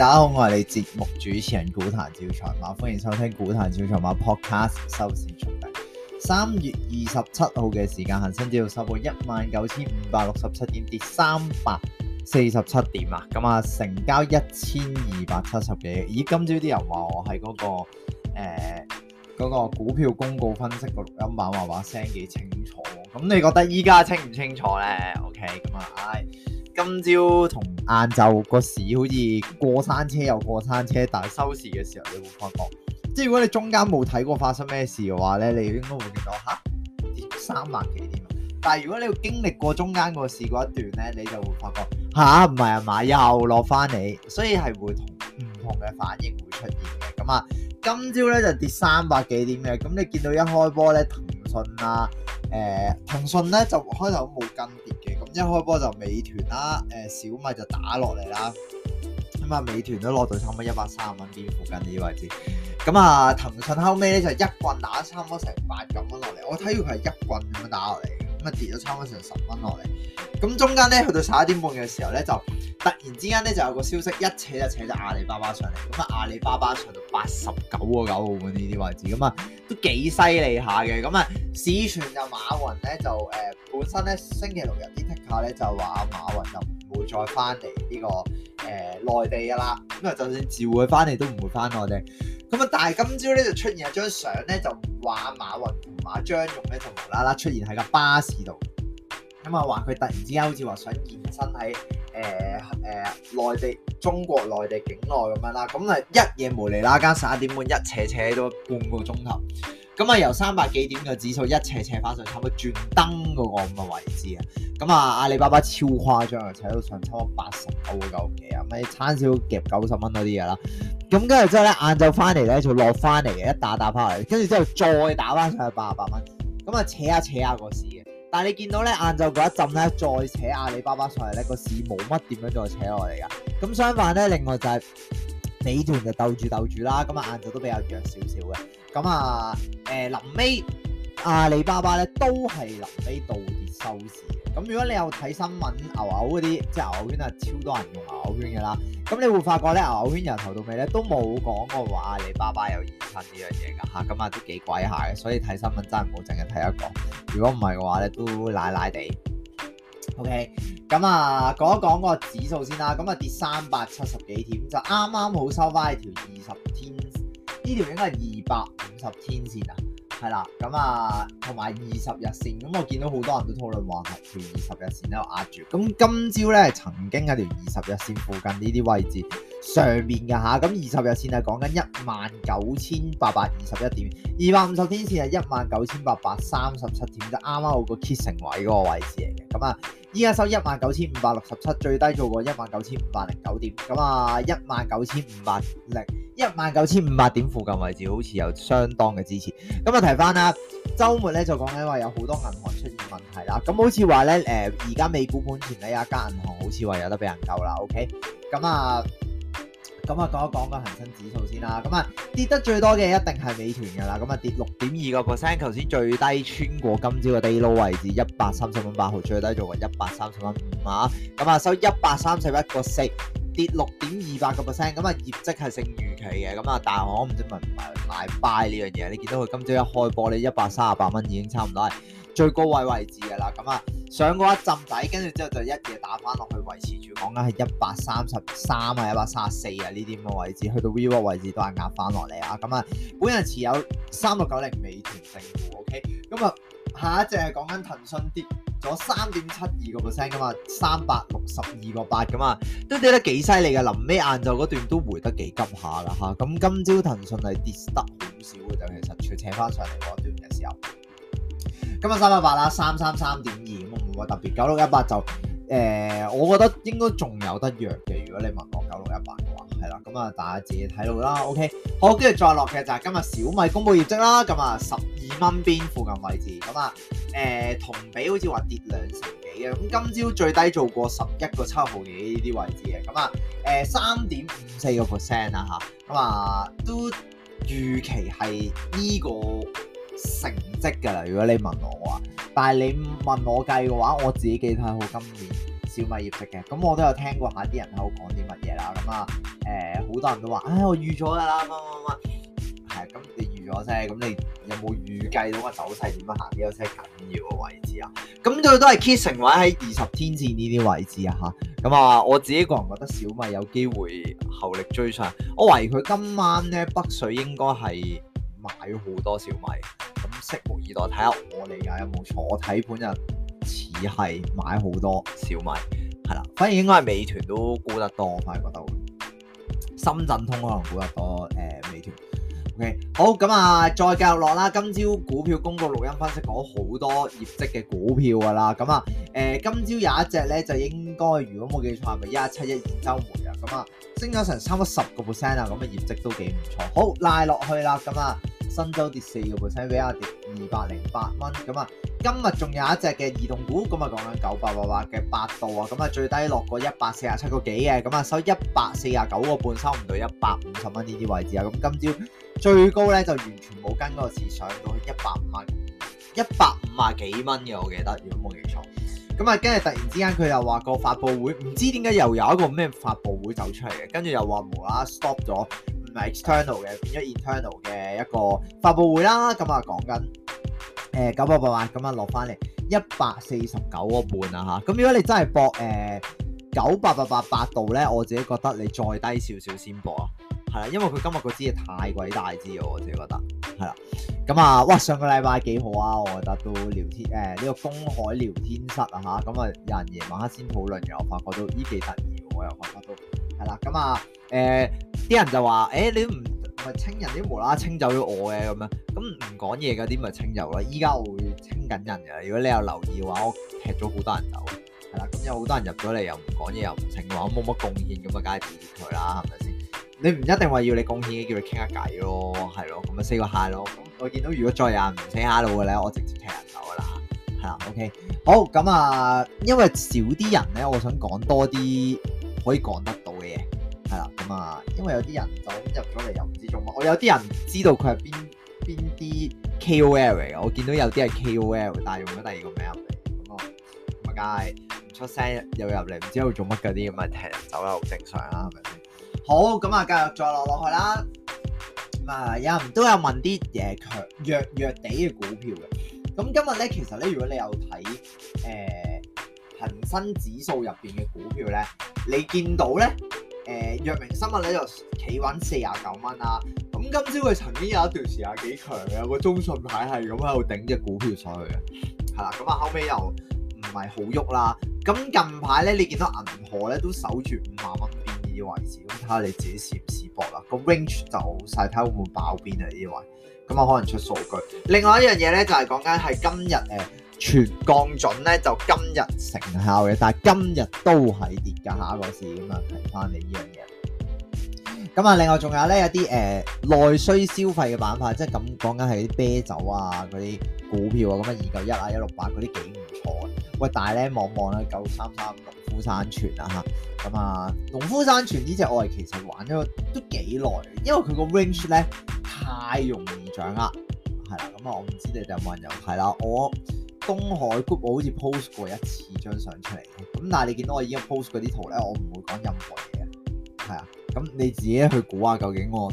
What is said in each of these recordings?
大家好，我係你節目主持人股壇招財貓，歡迎收聽股壇招財貓 Podcast 收市速遞。三月二十七號嘅時間，恒生指數收報一萬九千五百六十七點，跌三百四十七點啊！咁啊，成交一千二百七十幾億。咦，今朝啲人話我係嗰、嗰個誒、欸嗰個股票公告分析嘅錄音版，話話聲幾清楚。咁你覺得依家清唔清楚咧？OK，咁啊唉。今朝同晏晝個市好似過山車又過山車，但係收市嘅時候你會發覺，即係如果你中間冇睇過發生咩事嘅話咧，你應該會見到吓、啊、跌三百幾點，但係如果你要經歷過中間個市嗰一段咧，你就會發覺吓，唔係啊嘛，又落翻嚟，所以係會唔同嘅反應會出現嘅。咁啊，今朝咧就跌三百幾點嘅，咁你見到一開波咧騰訊啦，誒騰訊咧就開頭冇跟跌嘅。一開波就美團啦，誒、呃、小米就打落嚟啦，咁啊美團都攞到差唔多一百三十蚊邊附近呢啲位置，咁啊騰訊後尾咧就一棍打差唔多成八九蚊落嚟，我睇住佢係一棍咁樣打落嚟，咁啊跌咗差唔多成十蚊落嚟，咁中間咧去到十一點半嘅時候咧就。突然之間咧，就有個消息一扯，一，扯一扯就扯咗阿里巴巴上嚟，咁啊阿里巴巴上到八十九個九毫半呢啲位置，咁啊都幾犀利下嘅。咁啊市傳就馬雲咧就誒、呃、本身咧星期六日啲 t i c k 咧就話馬雲就唔會再翻嚟呢個誒、呃、內地噶啦，咁啊就算召佢翻嚟都唔會翻內地。咁啊但係今朝咧就出現一張相咧就話馬雲同馬張勇咧就無啦啦出現喺個巴士度。咁啊，話佢、嗯、突然之間好似話想延伸喺誒誒內地中國內地境內咁樣啦，咁啊一夜無嚟啦，間十一點半一扯扯咗半個鐘頭，咁啊由三百幾點嘅指數一扯扯翻上差唔多轉燈嗰個咁嘅位置啊，咁啊阿里巴巴超誇張啊，踩到上差唔多八十九嚿九啊，咩差少夾九十蚊嗰啲嘢啦，咁跟住之後咧晏晝翻嚟咧就落翻嚟嘅，一打打翻嚟，跟住之後再打翻上去八十八蚊，咁啊扯下扯下個市但你見到咧晏晝嗰一陣咧，再扯阿里巴巴上嚟咧，個市冇乜點樣再扯落嚟㗎。咁相反咧，另外就係、是、美團就鬥住鬥住啦，今日晏晝都比較弱少少嘅。咁啊，誒臨尾阿里巴巴咧都係臨尾倒跌收市。咁如果你有睇新聞，牛牛嗰啲即牛牛圈啊，超多人用牛牛圈嘅啦。咁你會發覺咧，牛牛圈由頭到尾咧都冇講過話阿里巴巴有染親呢樣嘢㗎嚇。咁啊都幾鬼下嘅，所以睇新聞真係唔好淨係睇一個。如果唔係嘅話咧，都奶奶地。OK，咁啊講一講個指數先啦。咁啊跌三百七十幾點，就啱啱好收翻係條二十天。呢條應該係二百五十天線啊。係啦，咁啊，同埋二十日線，咁我見到好多人都討論話係條二十日線喺度壓住，咁今朝呢，曾經喺條二十日線附近呢啲位置。上面嘅吓，咁二十日線係講緊一萬九千八百二十一點，二百五十天線係一萬九千八百三十七點，就啱啱好個 kiting 位嗰個位置嚟嘅。咁啊，依家收一萬九千五百六十七，最低做過一萬九千五百零九點。咁啊，一萬九千五百零一萬九千五百點附近位置好似有相當嘅支持。咁啊，提翻啦，周末咧就講緊話有好多銀行出現問題啦。咁好似話咧誒，而、呃、家美股盤前咧有一間銀行好似話有得俾人救啦。OK，咁啊。咁啊，講一講個恒生指數先啦。咁啊，跌得最多嘅一定係美團噶啦。咁啊，跌六點二個 percent。頭先最低穿過今朝嘅 day low 位置一百三十蚊八毫，最低做為一百三十蚊五啊。咁啊，收一百三十一個四，跌六點二百個 percent。咁啊，業績係勝預期嘅。咁啊，但我唔知係咪買 buy 呢樣嘢。你見到佢今朝一開波，你一百三十八蚊已經差唔多。最高位位置嘅啦，咁啊，上嗰一浸底，跟住之後就一嘢打翻落去，維持住講緊係一百三十三啊，一百三十四啊呢啲咁嘅位置，去到 VIVO 位置都係壓翻落嚟啊。咁啊，本人持有三六九零美團正股，OK。咁啊，下一隻係講緊騰訊跌咗三點七二個 percent 噶嘛，三百六十二個八噶嘛，都跌得幾犀利嘅。臨尾晏晝嗰段都回得幾急下啦嚇。咁、啊、今朝騰訊係跌得好少嘅，就其實斜斜翻上嚟嗰段嘅時候。今日三百八啦，三三三點二咁啊，唔特別。九六一八就誒、呃，我覺得應該仲有得弱嘅。如果你問我九六一八嘅話，係啦。咁、嗯、啊，大家自己睇到啦。OK，好，跟住再落嘅就係今日小米公佈業績啦。咁、嗯、啊，十二蚊邊附近位置，咁啊誒，同比好似話跌兩成幾嘅。咁、嗯、今朝最低做過十一個七毫幾呢啲位置嘅，咁啊誒，三點五四個 percent 啦吓，咁、嗯、啊、嗯嗯，都預期係呢、呢個。成績噶啦，如果你問我話，但係你問我計嘅話，我自己幾睇好今年小米業績嘅，咁我都有聽過下啲人喺度講啲乜嘢啦，咁啊，誒，好多人都話、嗯哎，唉， 我預咗噶啦，乜乜乜，係，咁你預咗啫，咁你有冇預計到個走勢點樣行呢？有啲緊要嘅位置啊，咁佢都係 kissing 位喺二十天線呢啲位置啊，吓， 咁啊，我自己個人覺得小米有機會後力追上，我懷疑佢今晚咧北水應該係買好多小米。拭目以待，睇下我理解有冇錯，我睇盤就似係買好多小米係啦，反而應該係美團都沽得多，我反而覺得深圳通可能沽得多誒、呃，美團。OK，好，咁啊，再繼續落啦。今朝股票公告錄音分析講好多業績嘅股票噶啦，咁啊誒、呃，今朝有一隻咧就應該如果冇記錯係咪一七一二周梅啊？咁啊升咗成差唔多十個 percent 啊，咁啊，業績都幾唔錯。好拉，落去啦，咁啊新周跌四個 percent 俾阿。二百零八蚊咁啊，今日仲有一隻嘅移動股咁啊，講緊九百八八嘅百度啊，咁啊最低落過一百四十七個幾嘅，咁啊收一百四十九個半，收唔到一百五十蚊呢啲位置啊，咁今朝最高咧就完全冇跟嗰個市，上到一百五蚊，一百五啊幾蚊嘅我記得，如果冇記錯，咁啊跟住突然之間佢又話個發佈會，唔知點解又有一個咩發佈會走出嚟嘅，跟住又話無啦 stop 咗。唔係 external 嘅，變咗 internal 嘅一個發布會啦。咁、嗯呃嗯、啊，講緊誒九百八八，咁啊落翻嚟一百四十九個半啊吓。咁如果你真係博誒九百八八八度咧，我自己覺得你再低少少先博啊。係啦，因為佢今日個支嘢太鬼大支啊，我自己覺得係啦。咁啊、嗯、啊，哇，上個禮拜幾好啊，我覺得到聊天誒呢、呃這個公海聊天室啊吓。咁啊，有、嗯、人夜晚黑先討論嘅，我發覺到呢幾得意，我又發覺到係啦。咁啊，誒、嗯。啊呃啲人就話，誒、欸，你都唔係清人，啲都無啦啦清走咗我嘅咁樣，咁唔講嘢嗰啲咪清走啦。依家會清緊人嘅，如果你有留意嘅話，我踢咗好多人走，係啦，咁有好多人入咗嚟又唔講嘢又唔清話，我冇乜貢獻咁啊，梗係辭佢啦，係咪先？你唔一定話要你貢獻嘅，叫佢傾下偈咯，係咯，咁啊 say 個 hello 咯。我見到如果再有人唔 say hello 嘅咧，我直接踢人走啦，係啦，OK。好，咁啊，因為少啲人咧，我想講多啲可以講得到嘅嘢。係啦，咁啊、嗯，因為有啲人就咁入咗嚟，又唔知做乜。我有啲人知道佢係邊邊啲 KOL 嚟嘅，我見到有啲係 KOL，但係用咗第二個名入嚟，咁、嗯嗯嗯、啊，咁啊，梗係唔出聲又入嚟，唔知喺做乜嘅啲咁啊，踢人走都好正常啦，係咪先？好，咁、嗯、啊，繼續再落落去啦。咁、嗯、啊，有人都有問啲嘢，強弱弱啲嘅股票嘅。咁今日咧，其實咧，如果你有睇誒恆生指數入邊嘅股票咧，你見到咧。誒，藥、嗯、明生物咧就企穩四十九蚊啦。咁今朝佢曾經有一段時間幾強，有個中信牌係咁喺度頂隻股票上去嘅，係啦。咁啊後尾又唔係好喐啦。咁近排咧，你見到銀河咧都守住五十蚊邊啲位置，咁睇下，你自己試唔試搏啦。個 range 就晒睇會唔會爆邊啊呢啲位，咁我可能出數據。另外一樣嘢咧就係講緊係今日誒。全降準咧，就今日成效嘅，但係今日都係跌噶下個市咁啊！提翻你呢樣嘢咁啊。另外仲有咧，有啲誒、呃、內需消費嘅板塊，即係咁講緊係啲啤酒啊嗰啲股票啊，咁啊二九一啊一六八嗰啲幾唔錯。喂，大咧望望啦，九三三、農夫山泉啊吓咁啊。農夫山泉呢隻我係其實玩咗都幾耐，因為佢個 range 咧太容易掌握係啦。咁啊，我唔知你哋有冇人有睇係啦，我。東海 group 我好似 post 過一次張相出嚟，咁但係你見到我已經 post 嗰啲圖咧，我唔會講任何嘢，係啊，咁你自己去估下究竟我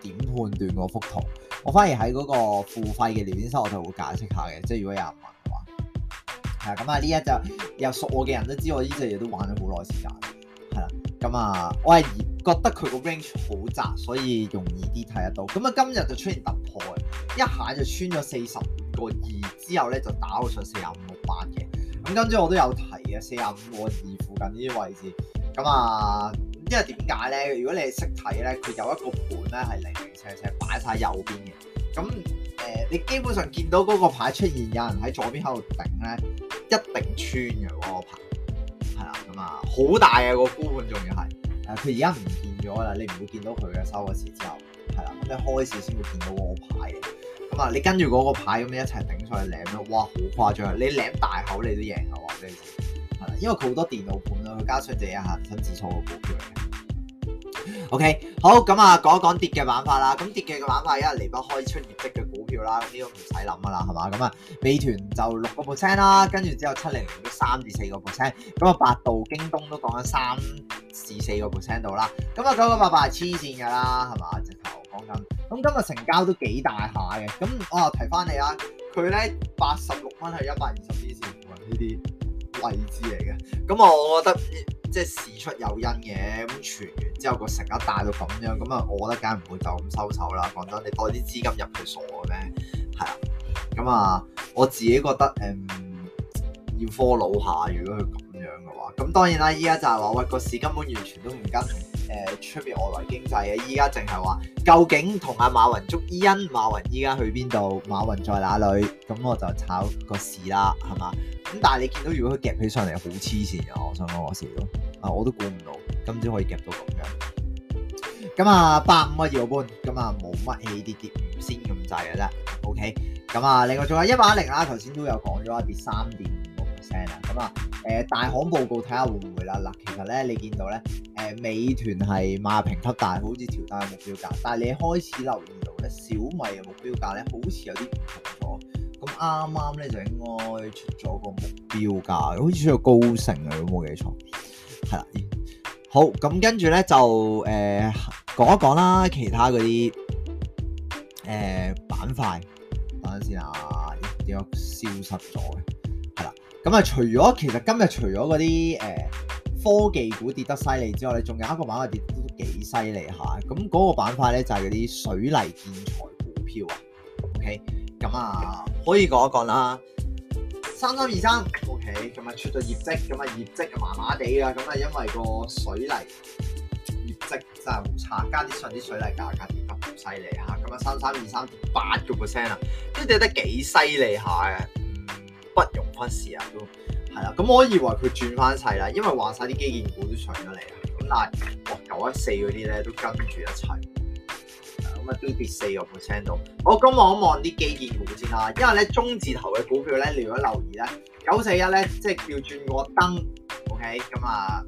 點判斷嗰幅圖，我反而喺嗰個付費嘅聊天室我就會解釋下嘅，即係如果有人問嘅話，係啊，咁啊呢一隻又熟我嘅人都知我呢隻嘢都玩咗好耐時間，係啦，咁啊我係覺得佢個 range 好窄，所以容易啲睇得到，咁啊今日就出現突破，一下就穿咗四十。個二之後咧就打到上四十五六八嘅，咁跟住我都有提嘅，四十五個二附近呢啲位置，咁啊，因為點解咧？如果你識睇咧，佢有一個盤咧係零零星星擺晒右邊嘅，咁誒、呃，你基本上見到嗰個牌出現，有人喺左邊喺度頂咧，嗰個、一定穿嘅嗰、嗰個牌，係啦，咁啊，好大嘅、嗰個沽盤，仲要係，誒，佢而家唔見咗啦，你唔會見到佢嘅收個時之後，係啦，咁你開市先會見到個牌嘅。咁啊、嗯，你跟住嗰個牌咁樣一齊頂上去舐咯，哇，好誇張！你舐大口你都贏啊喎呢啲，係啦、嗯，因為佢好多電腦盤啊，佢加出自己係新指數嘅股票嚟嘅、嗯。OK，好，咁、嗯、啊、嗯，講一講跌嘅玩法啦。咁、嗯、跌嘅玩法因為離不開出業績嘅股票啦，呢個唔使諗嘅啦，係嘛？咁啊、嗯，美團就六個 percent 啦，跟住之後七零零都三至四個 percent，咁啊，百度、嗯、京東都講緊三至四個 percent 度啦。咁啊，九九八八係黐線嘅啦，係嘛？直頭講緊。咁今日成交都幾大下嘅，咁我又提翻你啦，佢咧八十六蚊係一百二十支線附近呢啲位置嚟嘅，咁我覺得即係事出有因嘅，咁傳完之後個成交大到咁樣，咁啊，我覺得梗係唔會就咁收手啦。講真，你多啲資金入去傻咩？係啊，咁啊，我自己覺得誒、嗯、要 follow 下，如果佢咁樣嘅話，咁當然啦，依家就係話喂個市根本完全都唔跟。誒，出、呃、面外來經濟嘅，依家淨係話，究竟同阿馬雲捉伊人，馬雲依家去邊度，馬雲在哪裡？咁我就炒個市啦，係嘛？咁但係你見到如果佢夾起上嚟好黐線嘅，我想講我笑，啊，我都估唔到，今朝可以夾到咁樣。咁啊，八五二個半啊，搖盤，咁啊，冇乜起跌跌，先咁滯嘅啫。OK，咁啊，另外仲有一一零啦，頭先都有講咗一啲三點五個 percent 啦，咁啊。誒、呃，大行報告睇下會唔會啦。嗱，其實咧，你見到咧，誒、呃，美團係買入評級大，但係好似調低目標價。但係你開始留意到咧，小米嘅目標價咧，好似有啲唔同咗。咁啱啱咧就應該出咗個目標價，好似出咗高成嘅，冇記錯。係啦，好，咁跟住咧就誒、呃、講一講啦，其他嗰啲誒板塊。等陣先啊，點樣消失咗嘅？咁啊、嗯，除咗其實今日除咗嗰啲誒科技股跌得犀利之外咧，仲有一個板塊跌都幾犀利下。咁嗰個板塊咧就係嗰啲水泥建材股票啊。OK，咁、嗯、啊可以講一講啦。三三二三，OK，咁、嗯、啊出咗業績，咁、嗯、啊業績啊麻麻地啊，咁、嗯、啊因為個水泥業績真係好差，加啲上啲水泥價格、嗯嗯、跌得好犀利嚇。咁啊三三二三跌八個 percent 啊，都跌得幾犀利下嘅。不容忽視啊，都係啦。咁我以為佢轉翻晒啦，因為話晒啲基建股都上咗嚟啦。咁但係哇，九一四嗰啲咧都跟住一齊，咁啊都跌四個 percent 度。我今望一望啲基建股先啦，因為咧中字頭嘅股票咧，你如果留意咧，九四一咧即係叫轉個燈，OK，咁啊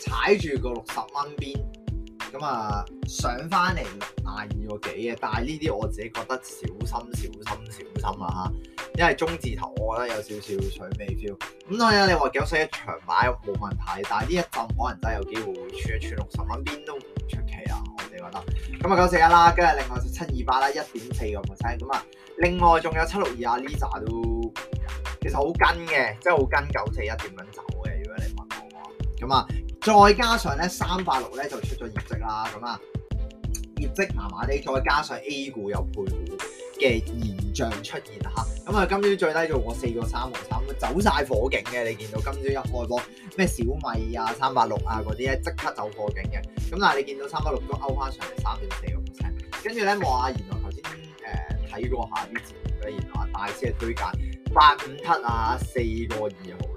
踩住個六十蚊邊。咁啊、嗯，上翻嚟廿二個幾嘅，但係呢啲我自己覺得小心、小心、小心啊。嚇，因為中字頭我點點覺得有少少水尾 feel。咁、嗯、當然你話九四一長買冇問題，但係呢一陣可能真係有機會會穿一穿六十蚊邊都唔出奇啊！我哋覺得，咁啊九四一啦，跟住另外七二八啦，一點四個 percent。咁、嗯、啊，另外仲有七六二啊，l i a 都其實好跟嘅，即係好跟九四一點樣走嘅。如果你問我咁啊。嗯嗯嗯。再加上咧，三八六咧就出咗業績啦，咁啊業績麻麻地，再加上 A 股有配股嘅現象出現啦，咁啊今朝最低做過四個三六三號，咁走晒火警嘅，你見到今朝一開波咩小米啊、三八六啊嗰啲咧即刻走火警嘅，咁但係你見到三八六都勾翻上嚟三點四個 percent，跟住咧望下原來頭先誒睇過下啲節目咧，原來大師嘅推介八五七啊，四個二毫。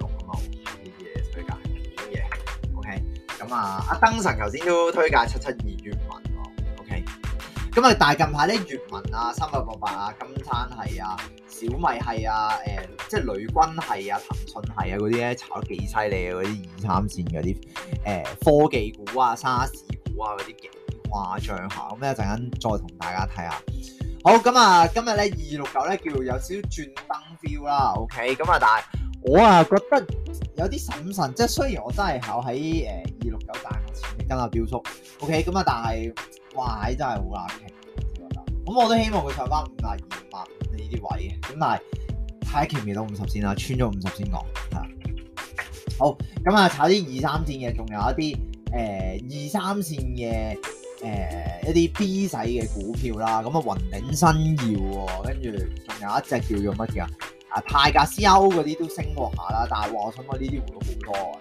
啊！阿燈神頭先都推介七七二閱文喎，OK。咁啊，但係近排咧，閱文啊、三百六八啊、金山系啊、小米系啊、誒，即係雷軍係啊、騰訊係啊嗰啲咧，炒得幾犀利啊！嗰啲二三線嗰啲誒科技股啊、沙士股啊嗰啲幾誇張下。咁啊，陣間再同大家睇下。好，咁啊，今日咧二六九咧叫有少少轉燈標啦，OK。咁啊，但係。我啊，覺得有啲審慎，即係雖然我真係考喺誒二六九大嘅前面跟日標叔，OK 咁啊，但係哇真係好難傾，覺得。咁、嗯、我都希望佢上翻五百二百呢啲位嘅，咁但係太奇妙到五十線啦，穿咗五十線講。係好咁啊、嗯，炒啲二三線嘅，仲有一啲誒、呃、二三線嘅誒、呃、一啲 B 仔嘅股票啦，咁啊雲頂新耀、哦，跟住仲有一隻叫做乜嘢啊？啊泰格 CRO 嗰啲都升過下啦，但係話我想講呢啲會好多啊，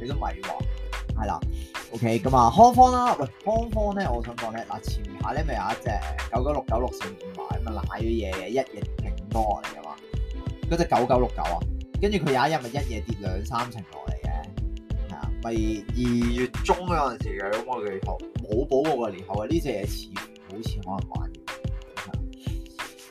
你都咪話係啦。OK 咁啊康方啦，喂康方咧，我想講咧嗱前排咧咪有一隻九九六九六成五買，咪賴咗嘢嘅，一夜停多嚟嘅嘛。嗰隻九九六九啊，跟住佢有一日咪一夜跌兩三成落嚟嘅，係啊，咪二月中嗰陣時嘅咁嘅地圖冇保護個年後嘅呢隻嘢似，好似可能買。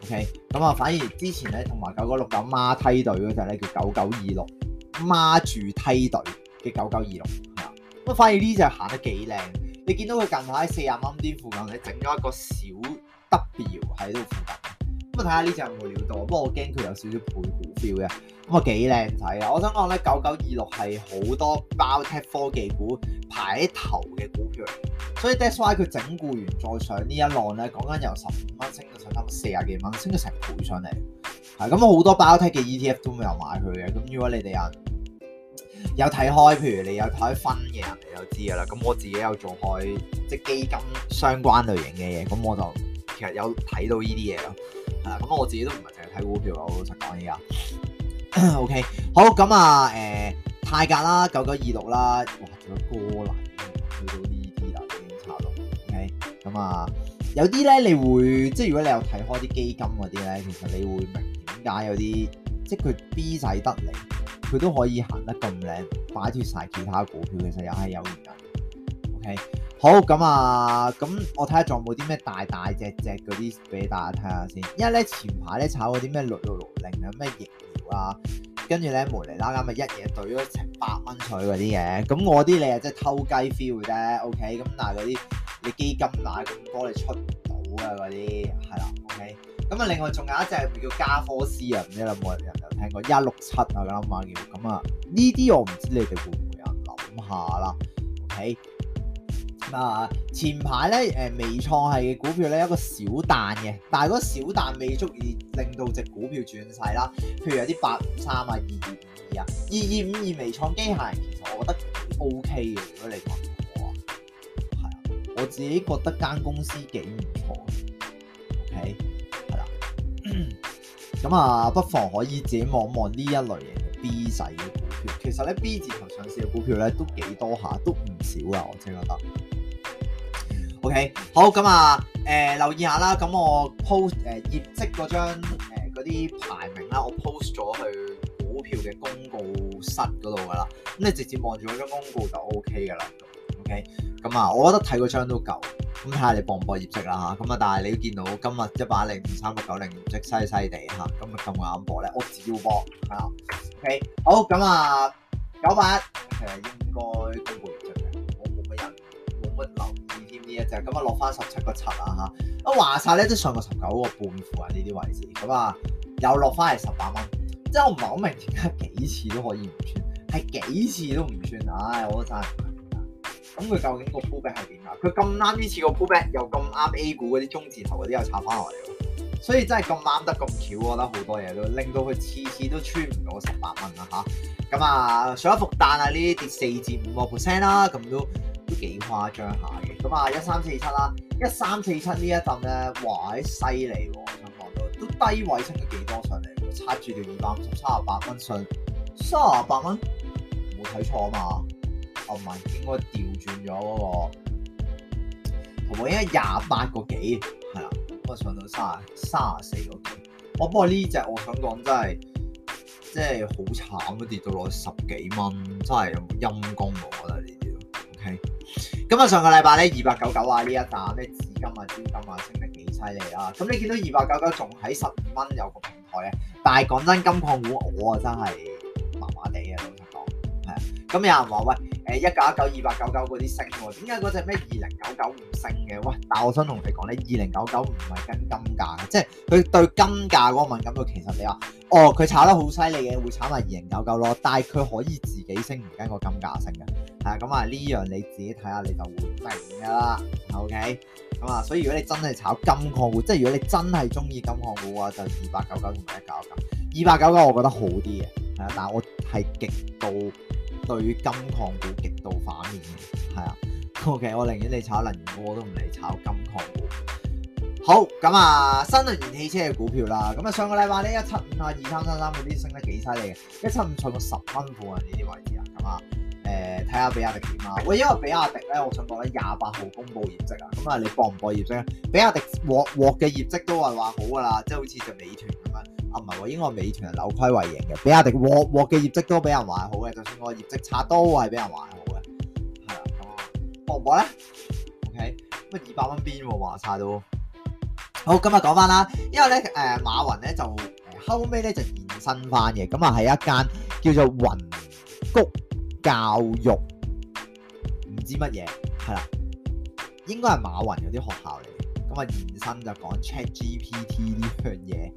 OK，咁啊，反而之前咧同埋九九六九孖梯隊嗰隻咧叫九九二六孖住梯隊嘅九九二六係啊，咁啊，反而呢隻行得幾靚，你見到佢近排喺四十蚊邊附近咧整咗一個小 W 喺度附近。咁啊，睇下呢隻有冇料到，不過我驚佢有少少配股票嘅。咁啊幾靚仔啊！我想講咧，九九二六係好多包踢科技股排頭嘅股票，所以 that’s why 佢整固完再上呢一浪咧，講緊由十五蚊升到差唔多四廿幾蚊，升到成倍上嚟，係咁好多包踢嘅 ETF 都有買佢嘅，咁如果你哋有有睇開，譬如你有睇分嘅人，你就知噶啦。咁我自己有做開即基金相關類型嘅嘢，咁我就其實有睇到呢啲嘢咯。咁、嗯、我自己都唔係淨係睇股票，我老實講依家。OK，好咁啊，誒、呃、泰格啦，九九二六啦，哇，咁波嚟，去到呢啲啦已經差到。OK，咁啊，有啲咧你會，即係如果你有睇開啲基金嗰啲咧，其實你會明點解有啲，即係佢 B 曬得嚟，佢都可以行得咁靚，擺脫晒其他股票，其實又係有原因、啊。OK。好咁啊，咁、嗯嗯、我睇下仲有冇啲咩大大只隻嗰啲俾大家睇下先，因為咧前排咧炒嗰啲咩六六六零啊，咩疫苗啊，跟住咧無尼啦啦咪一嘢懟咗成百蚊水嗰啲嘢。咁、嗯、我啲你啊即係偷雞 feel 啫，OK，咁但係嗰啲你基金奶咁多，你出唔到啊嗰啲，係、嗯、啦，OK，咁、嗯、啊、嗯、另外仲有一隻叫加科斯啊，唔知有冇人有聽過一六七啊，諗下叫，咁啊呢啲我唔知你哋會唔會有人諗下啦，OK。啊！Uh，前排咧，誒微創係嘅股票咧，一個小彈嘅，但係嗰小彈未足以令到隻股票轉勢啦。譬如有啲八五三啊、二二五二啊、二二五二微創機械，其實我覺得幾 O K 嘅。如果你問我，係啊，我自己覺得間公司幾唔錯。OK，係啦。咁啊， 不妨可以自己望望呢一類型嘅 B 仔嘅股票。其實咧 B 字頭上市嘅股票咧都幾多下，都唔少啊。我自己覺得。O、okay. K，好咁啊，誒、呃、留意下啦，咁我 post 誒、呃、業績嗰張誒嗰啲排名啦，我 post 咗去股票嘅公告室嗰度噶啦，咁你直接望住嗰張公告就 O K 噶啦，O K，咁啊我覺得睇嗰張都夠，咁睇下你磅唔磅業績啦吓，咁啊但係你見到今日一百零五三六九零業績犀犀地吓，咁啊咁啱播咧，我只要播。係啊，O、okay? K，好咁啊九八其實應該公布業績嘅，我冇乜人，冇乜留意。就咁啊，落翻十七個七啦嚇！我話曬咧，都上過十九個半股啊呢啲位置，咁啊又落翻係十八蚊，即係我唔係好明點解幾次都可以唔算，係幾次都唔算，唉、哎，我都真係唔明啦。咁、啊、佢究竟個 pullback 係點啊？佢咁啱呢次個 pullback 又咁啱 A 股嗰啲中字頭嗰啲又插翻落嚟，所以真係咁啱得咁巧，我覺得好多嘢都令到佢次次都穿唔到十八蚊啦吓，咁啊，啊，上一復旦啊呢啲跌四至五個 percent 啦，咁、啊、都。都幾誇張下嘅，咁啊一三四七啦，一三四七呢一陣咧，哇喺犀利喎！我想講到，都低位升咗幾多上嚟，我差住條二百五十三廿八蚊上，三廿八蚊冇睇錯啊嘛？我唔係應該調轉咗嗰個同埋應該廿八個幾係啊，咁啊上到三三四個幾。啊、我30，幾、啊、不過呢只我想講真係，真係好慘都跌到落去十幾蚊，真係陰功、啊、我覺得。咁啊，上個禮拜咧，二百九九啊，呢一檔咧，紫金啊、招金啊，升得幾犀利啊！咁你見到二百九九仲喺十五蚊有個平台咧，但係講真，金礦股我啊真係麻麻地啊，老實講係啊。咁、嗯嗯、有人話喂，誒一九一九、二百九九嗰啲升，點解嗰隻咩二零九九唔升嘅？喂，但我想同你講咧，二零九九唔係跟金價嘅，即係佢對金價嗰個敏感度其實你話，哦，佢炒得好犀利嘅，會炒埋二零九九咯，但係佢可以自己升，唔跟個金價升嘅。啊，咁啊呢樣你自己睇下，你就會明噶啦。OK，咁啊，所以如果你真係炒金礦股，即係如果你真係中意金礦股嘅話，就二八九九同埋一九九，二八九九我覺得好啲嘅。係啊，但係我係極度對金礦股極度反面嘅。係啊，OK，我寧願你炒能源股，啊、我都唔理炒金礦股。好，咁啊，新能源汽車嘅股票啦，咁啊上個禮拜呢一七五啊二三三三嗰啲升得幾犀利嘅，一七五上到十蚊附近呢啲位置啊，咁啊。誒，睇下，呃、比亞迪點啊？喂，因為比亞迪咧，我想講咧廿八號公布業績啊，咁啊，你博唔博業績咧？比亞迪獲獲嘅業績都係話好噶啦，即係好似就美團咁樣，啊唔係、嗯 okay? 啊，應該美團係扭虧為盈嘅，比亞迪獲獲嘅業績都俾人話好嘅，就算我業績差都係俾人話好嘅。係、呃、啊，咁博唔博咧？OK，乜二百蚊邊喎，話差都好，今日講翻啦，因為咧，誒，馬雲咧就後尾咧就延伸翻嘅，咁啊係一間叫做雲谷。教育唔知乜嘢係啦，應該係馬雲有啲學校嚟。咁啊，延伸就講 ChatGPT 呢樣嘢。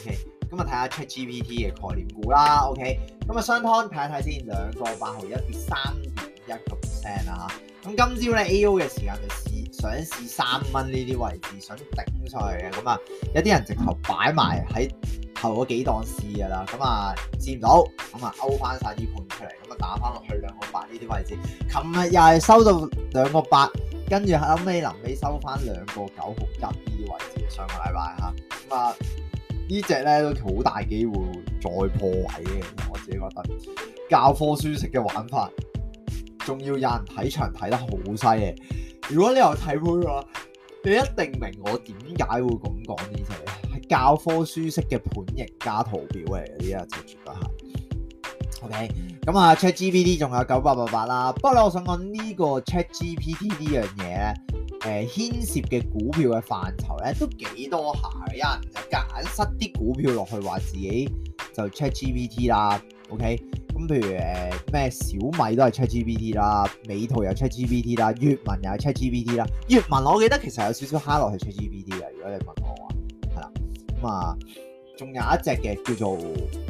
OK，咁啊睇下 ChatGPT 嘅概念股啦。OK，咁啊商湯睇一睇先，兩個八毫一跌三點一個 percent 啊。嚇。咁今朝咧 AO 嘅時間就試想試三蚊呢啲位置，想頂上去嘅。咁啊，有啲人直頭擺埋喺。投咗幾檔試嘅啦，咁啊，知唔到，咁啊，勾翻晒啲盤出嚟，咁啊，打翻落去兩個八呢啲位置，琴日又係收到兩個八，跟住後尾臨尾收翻兩個九毫一呢啲位置，上個禮拜嚇，咁啊，隻呢隻咧都好大機會再破位嘅，我自己覺得。教科書式嘅玩法，仲要有人睇場睇得好犀利。如果你有睇盤嘅話，你一定明我點解會咁講呢隻。教科書式嘅盤形加圖表嚟嗰啲啊，就全部係，OK。咁啊，ChatGPT 仲有九八八八啦。不過咧，我想講呢、這個 ChatGPT 呢樣嘢咧，誒、呃，牽涉嘅股票嘅範疇咧都幾多下，有人就係夾硬塞啲股票落去話自己就 ChatGPT 啦，OK。咁譬如誒咩、呃、小米都係 ChatGPT 啦，美圖又 ChatGPT 啦，粵文又係 ChatGPT 啦，粵文我記得其實有少少哈落去 l o 係 ChatGPT 噶，如果你問我。咁啊，仲、嗯、有一隻嘅叫做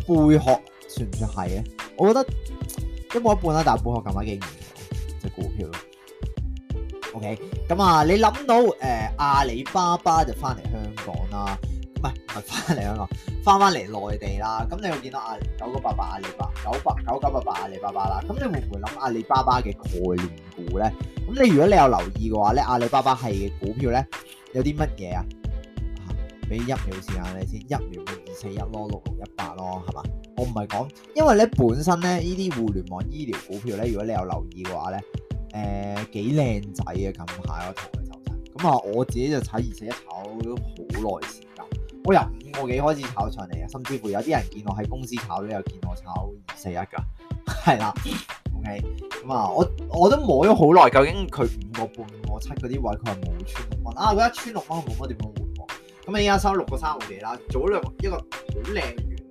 貝殼，算唔算係咧？我覺得一半一半啦，但係貝殼近排幾唔錯，就股票咯。OK，咁、嗯、啊、嗯，你諗到誒、呃，阿里巴巴就翻嚟香港啦，唔係唔係翻嚟香港，翻翻嚟內地啦。咁你會見到阿九九八八阿里巴巴九八九九八八阿里巴巴啦，咁你會唔會諗阿里巴巴嘅概念股咧？咁你如果你有留意嘅話咧，阿里巴巴係股票咧，有啲乜嘢啊？俾一秒時間你先，一秒二四一咯，六六一八咯，係嘛？我唔係講，因為咧本身咧呢啲互聯網醫療股票咧，如果你有留意嘅話咧，誒幾靚仔嘅，近排我同佢走勢。咁啊，我自己就踩二四一炒咗好耐時間，我由五個幾開始炒上嚟啊，甚至乎有啲人見我喺公司炒都有見我炒二四一㗎，係啦，OK。咁啊，我我都摸咗好耐，究竟佢五個半、五個七嗰啲位佢係冇穿六蚊，啊，如果一穿六蚊，冇乜點樣咁啊依家收六個三毫幾啦，做咗兩一個好靚圓底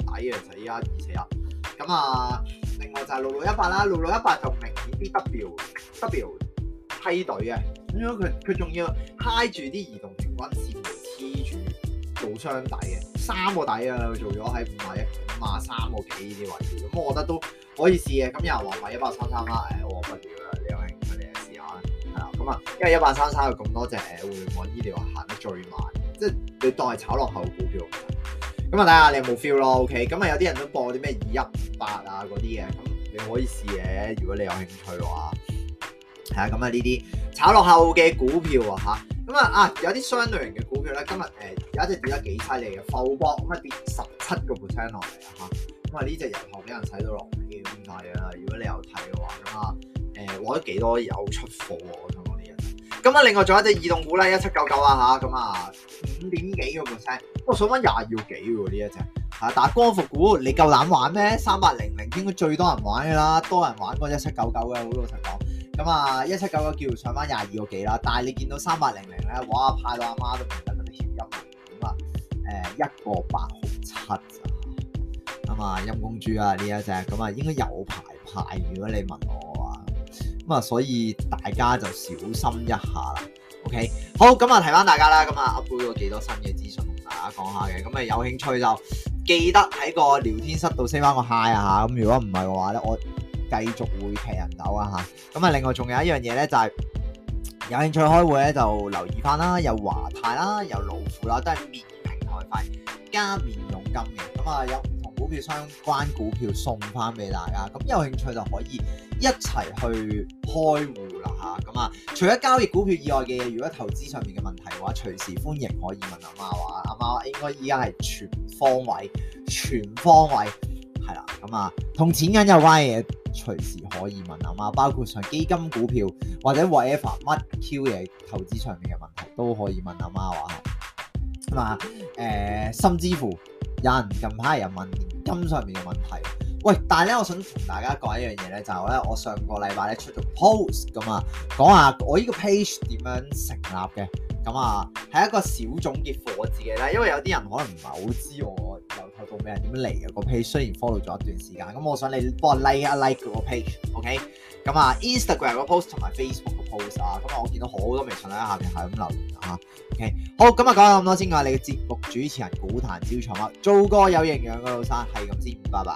嘅，就依家二四一。咁啊，另外就係六六一八啦，六六一八就明顯啲 W W 梯隊嘅，咁樣佢佢仲要嗨住啲移動平均線嚟黐住做雙底嘅，三個底啊，做咗喺五啊一五啊三個幾呢啲位置，咁我覺得都可以試嘅。咁有人話買一八三三啦，誒我不了啊，你又令佢哋試下啦，係啊，咁啊，因為一八三三有咁多隻誒互聯網醫療行得最慢。即係你當係炒落後股票，咁啊睇下你有冇 feel 咯，OK？咁啊有啲人都播啲咩二一五八啊嗰啲嘅，咁你可以試嘅，如果你有興趣嘅話，係啊，咁啊呢啲炒落後嘅股票啊吓，咁啊啊有啲相類型嘅股票咧，今日誒、呃、有一隻跌得幾犀利嘅，浮波咁咪跌十七個 percent 落嚟啊吓，咁啊呢隻日頭俾人睇到落尾嘅狀態啊，如果你有睇嘅話，咁啊誒，玩咗幾多有出貨啊？香港啲人，咁啊另外仲有一隻異動股咧，一七九九啊吓，咁啊。五點幾個 percent，我上翻廿二個幾喎呢一隻，吓但係光伏股你夠膽玩咩？三八零零應該最多人玩噶啦，多人玩嗰一七九九嘅，好老實講，咁、嗯、啊一七九九叫上翻廿二個幾啦，但係你見到三八零零咧，哇派到阿媽都唔跟人哋簽一，咁、嗯、啊誒一個八毫七，咁啊陰公豬啊呢一隻，咁啊應該有排排，如果你問我啊，咁啊所以大家就小心一下啦。Okay. 好，咁、嗯、啊，提翻大家啦，咁、嗯、啊 update 咗幾多新嘅資訊同大家講下嘅，咁、嗯、啊有興趣就記得喺個聊天室度 send 翻個 hi 啊嚇，咁、嗯、如果唔係嘅話咧，我繼續會劈人走啊嚇，咁、嗯、啊另外仲有一樣嘢咧就係、是、有興趣開會咧就留意翻啦，有華泰啦，有老虎啦，都係免平台費加免佣金嘅，咁啊有。嗯嗯嗯嗯股票相關股票送翻俾大家，咁有興趣就可以一齊去開戶啦吓，咁啊，除咗交易股票以外嘅嘢，如果投資上面嘅問題嘅話，隨時歡迎可以問阿媽話，阿媽話應該依家係全方位、全方位係啦，咁啊，同錢銀有關嘅嘢，隨時可以問阿媽，包括上基金、股票或者 whatever 乜 Q 嘢投資上面嘅問題都可以問阿媽話，係、啊、嘛，誒、啊，甚至乎有人近排又問。心上面嘅問題，喂！但係咧，我想同大家講一樣嘢咧，就係咧，我上個禮拜咧出咗 post 咁啊，講下我呢個 page 點樣成立嘅，咁啊係一個小總結乎我自己啦，因為有啲人可能唔係好知我由頭到尾係點樣嚟嘅個 page，雖然 follow 咗一段時間，咁我想你幫我 like 一 like 個 page，OK？咁啊，Instagram 個 post 同埋 Facebook 個 post 啊，咁啊，我見到好多微信咧，下邊係咁留言嚇、啊。OK，好，咁啊，講咗咁多先，我哋嘅節目主持人股壇招財貓，做個有營養嘅老生，係咁先，拜拜。